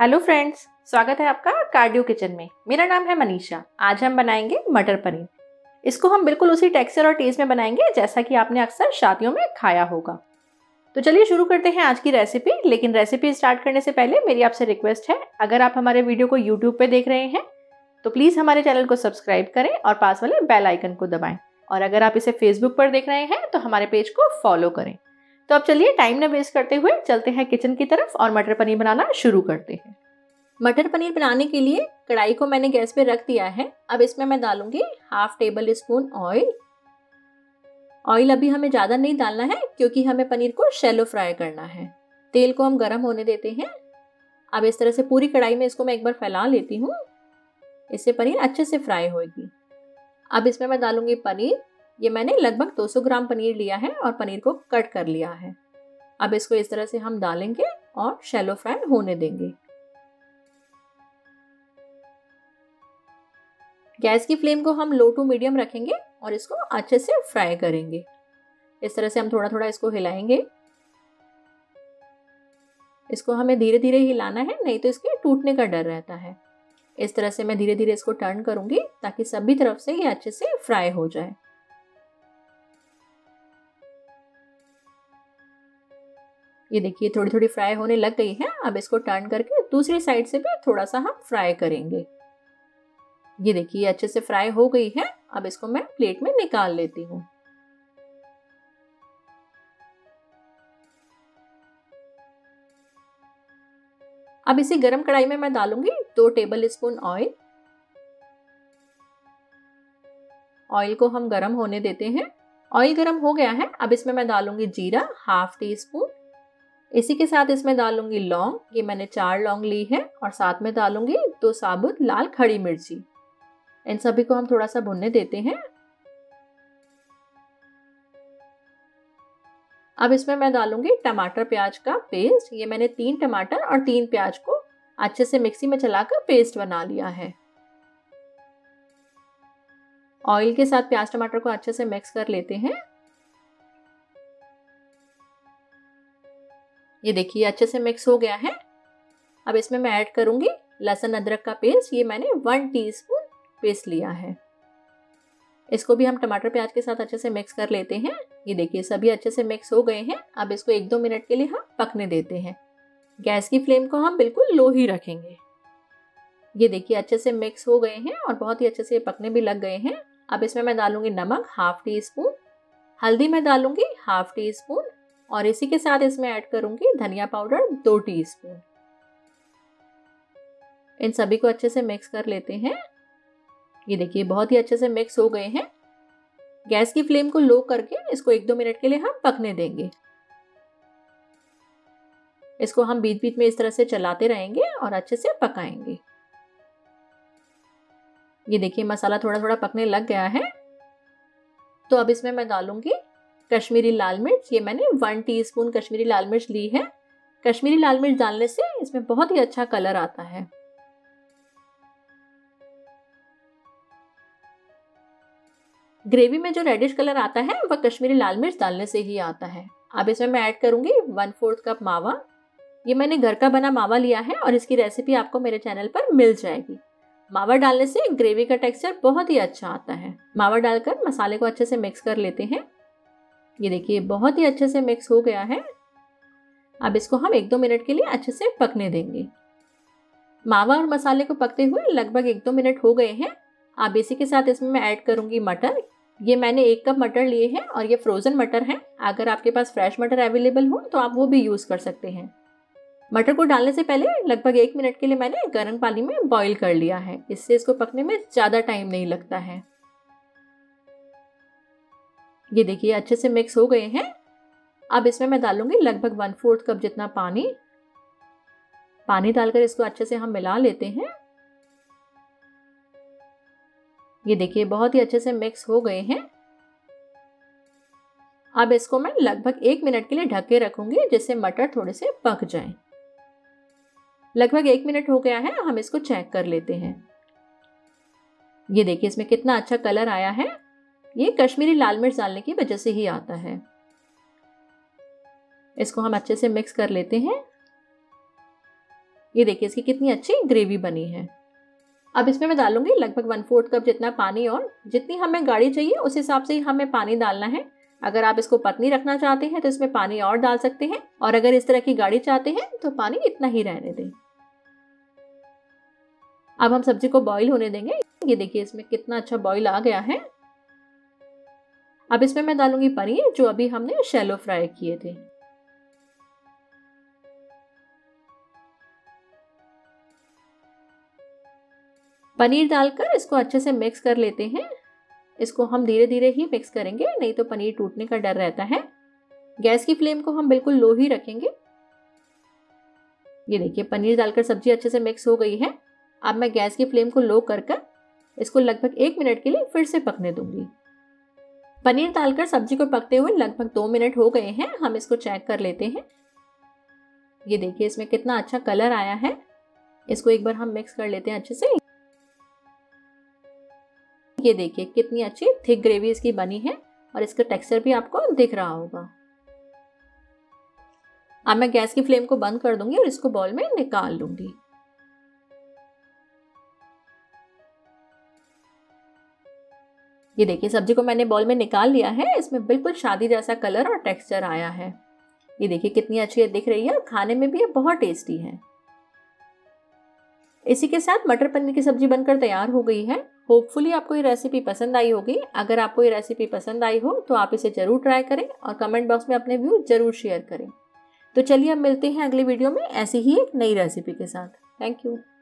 hello friends स्वागत है आपका कार्डियो किचन में मेरा नाम है मनीषा आज हम बनाएंगे मटर पनीर इसको हम बिल्कुल उसी टेक्सचर और टेस्ट में बनाएंगे जैसा कि आपने अक्सर शादियों में खाया होगा तो चलिए शुरू करते हैं आज की रेसिपी लेकिन रेसिपी स्टार्ट करने से पहले मेरी आपसे रिक्वेस्ट है अगर आप हमारे वीडियो को यूट्यूब पर देख रहे हैं तो प्लीज़ हमारे चैनल को सब्सक्राइब करें और पास वाले बेल आइकन को दबाएं और अगर आप इसे फेसबुक पर देख रहे हैं तो हमारे पेज को फॉलो करें तो अब चलिए टाइम ना वेस्ट करते हुए चलते हैं किचन की तरफ और मटर पनीर बनाना शुरू करते हैं मटर पनीर बनाने के लिए कढ़ाई को मैंने गैस पे रख दिया है अब इसमें मैं डालूंगी half tablespoon oil oil अभी हमें ज़्यादा नहीं डालना है क्योंकि हमें पनीर को शेलो फ्राई करना है तेल को हम गर्म होने देते हैं अब इस तरह से पूरी कढ़ाई में इसको मैं एक बार फैला लेती हूँ इससे पनीर अच्छे से फ्राई होगी अब इसमें मैं डालूंगी पनीर ये मैंने लगभग 200 ग्राम पनीर लिया है और पनीर को कट कर लिया है अब इसको इस तरह से हम डालेंगे और शैलो फ्राई होने देंगे गैस की फ्लेम को हम लो टू मीडियम रखेंगे और इसको अच्छे से फ्राई करेंगे इस तरह से हम थोड़ा थोड़ा इसको हिलाएंगे इसको हमें धीरे धीरे हिलाना है नहीं तो इसके टूटने का डर रहता है इस तरह से मैं धीरे धीरे इसको टर्न करूंगी ताकि सभी तरफ से ये अच्छे से फ्राई हो जाए ये देखिए थोड़ी थोड़ी फ्राई होने लग गई है अब इसको टर्न करके दूसरी साइड से भी थोड़ा सा हम फ्राई करेंगे ये देखिए अच्छे से फ्राई हो गई है अब इसको मैं प्लेट में निकाल लेती हूँ अब इसी गरम कढ़ाई में मैं डालूंगी दो टेबल स्पून ऑयल ऑयल को हम गरम होने देते हैं ऑयल गरम हो गया है अब इसमें मैं डालूंगी जीरा हाफ टी स्पून इसी के साथ इसमें डालूंगी लौंग ये मैंने चार लौंग ली है और साथ में डालूंगी दो साबुत लाल खड़ी मिर्ची इन सभी को हम थोड़ा सा भुनने देते हैं अब इसमें मैं डालूंगी टमाटर प्याज का पेस्ट ये मैंने तीन टमाटर और तीन प्याज को अच्छे से मिक्सी में चलाकर पेस्ट बना लिया है ऑयल के साथ प्याज टमाटर को अच्छे से मिक्स कर लेते हैं ये देखिए अच्छे से मिक्स हो गया है अब इसमें मैं ऐड करूँगी लहसुन अदरक का पेस्ट ये मैंने वन टीस्पून पेस्ट लिया है इसको भी हम टमाटर प्याज के साथ अच्छे से मिक्स कर लेते हैं ये देखिए सभी अच्छे से मिक्स हो गए हैं अब इसको एक दो मिनट के लिए हम पकने देते हैं गैस की फ्लेम को हम बिल्कुल लो ही रखेंगे ये देखिए अच्छे से मिक्स हो गए हैं और बहुत ही अच्छे से पकने भी लग गए हैं अब इसमें मैं डालूंगी नमक हाफ टी स्पून हल्दी मैं डालूंगी हाफ टी स्पून और इसी के साथ इसमें ऐड करूंगी धनिया पाउडर दो टीस्पून इन सभी को अच्छे से मिक्स कर लेते हैं ये देखिए बहुत ही अच्छे से मिक्स हो गए हैं गैस की फ्लेम को लो करके इसको एक दो मिनट के लिए हम पकने देंगे इसको हम बीच बीच में इस तरह से चलाते रहेंगे और अच्छे से पकाएंगे ये देखिए मसाला थोड़ा थोड़ा पकने लग गया है तो अब इसमें मैं डालूंगी कश्मीरी लाल मिर्च ये मैंने वन टीस्पून कश्मीरी लाल मिर्च ली है कश्मीरी लाल मिर्च डालने से इसमें बहुत ही अच्छा कलर आता है ग्रेवी में जो रेडिश कलर आता है वह कश्मीरी लाल मिर्च डालने से ही आता है अब इसमें मैं ऐड करूँगी वन फोर्थ कप मावा ये मैंने घर का बना मावा लिया है और इसकी रेसिपी आपको मेरे चैनल पर मिल जाएगी मावा डालने से ग्रेवी का टेक्सचर बहुत ही अच्छा आता है मावा डालकर मसाले को अच्छे से मिक्स कर लेते हैं ये देखिए बहुत ही अच्छे से मिक्स हो गया है अब इसको हम एक दो मिनट के लिए अच्छे से पकने देंगे मावा और मसाले को पकते हुए लगभग एक दो मिनट हो गए हैं अब इसी के साथ इसमें मैं ऐड करूँगी मटर ये मैंने एक कप मटर लिए हैं और ये फ्रोज़न मटर हैं अगर आपके पास फ्रेश मटर अवेलेबल हो तो आप वो भी यूज़ कर सकते हैं मटर को डालने से पहले लगभग एक मिनट के लिए मैंने गर्म पानी में बॉईल कर लिया है इससे इसको पकने में ज़्यादा टाइम नहीं लगता है ये देखिए अच्छे से मिक्स हो गए हैं अब इसमें मैं डालूंगी लगभग वन फोर्थ कप जितना पानी पानी डालकर इसको अच्छे से हम मिला लेते हैं ये देखिए बहुत ही अच्छे से मिक्स हो गए हैं अब इसको मैं लगभग एक मिनट के लिए ढक के रखूंगी जिससे मटर थोड़े से पक जाए लगभग एक मिनट हो गया है हम इसको चेक कर लेते हैं ये देखिए इसमें कितना अच्छा कलर आया है ये कश्मीरी लाल मिर्च डालने की वजह से ही आता है इसको हम अच्छे से मिक्स कर लेते हैं ये देखिए इसकी कितनी अच्छी ग्रेवी बनी है अब इसमें मैं डालूंगी लगभग वन फोर्थ कप जितना पानी और जितनी हमें गाढ़ी चाहिए उस हिसाब से ही हमें पानी डालना है अगर आप इसको पतनी रखना चाहते हैं तो इसमें पानी और डाल सकते हैं और अगर इस तरह की गाढ़ी चाहते हैं तो पानी इतना ही रहने दें अब हम सब्जी को बॉईल होने देंगे ये देखिए इसमें कितना अच्छा बॉईल आ गया है अब इसमें मैं डालूंगी पनीर जो अभी हमने शैलो फ्राई किए थे पनीर डालकर इसको अच्छे से मिक्स कर लेते हैं इसको हम धीरे धीरे ही मिक्स करेंगे नहीं तो पनीर टूटने का डर रहता है गैस की फ्लेम को हम बिल्कुल लो ही रखेंगे ये देखिए पनीर डालकर सब्जी अच्छे से मिक्स हो गई है अब मैं गैस की फ्लेम को लो कर कर इसको लगभग एक मिनट के लिए फिर से पकने दूंगी पनीर डालकर सब्जी को पकते हुए लगभग दो मिनट हो गए हैं हम इसको चेक कर लेते हैं ये देखिए इसमें कितना अच्छा कलर आया है इसको एक बार हम मिक्स कर लेते हैं अच्छे से ये देखिए कितनी अच्छी थिक ग्रेवी इसकी बनी है और इसका टेक्सचर भी आपको दिख रहा होगा अब मैं गैस की फ्लेम को बंद कर दूंगी और इसको बॉल में निकाल लूंगी ये देखिए सब्जी को मैंने बॉल में निकाल लिया है इसमें बिल्कुल शादी जैसा कलर और टेक्सचर आया है ये देखिए कितनी अच्छी है दिख रही है और खाने में भी ये बहुत टेस्टी है इसी के साथ मटर पनीर की सब्जी बनकर तैयार हो गई है होपफुली आपको ये रेसिपी पसंद आई होगी अगर आपको ये रेसिपी पसंद आई हो तो आप इसे ज़रूर ट्राई करें और कमेंट बॉक्स में अपने व्यू ज़रूर शेयर करें तो चलिए अब मिलते हैं अगले वीडियो में ऐसी ही एक नई रेसिपी के साथ थैंक यू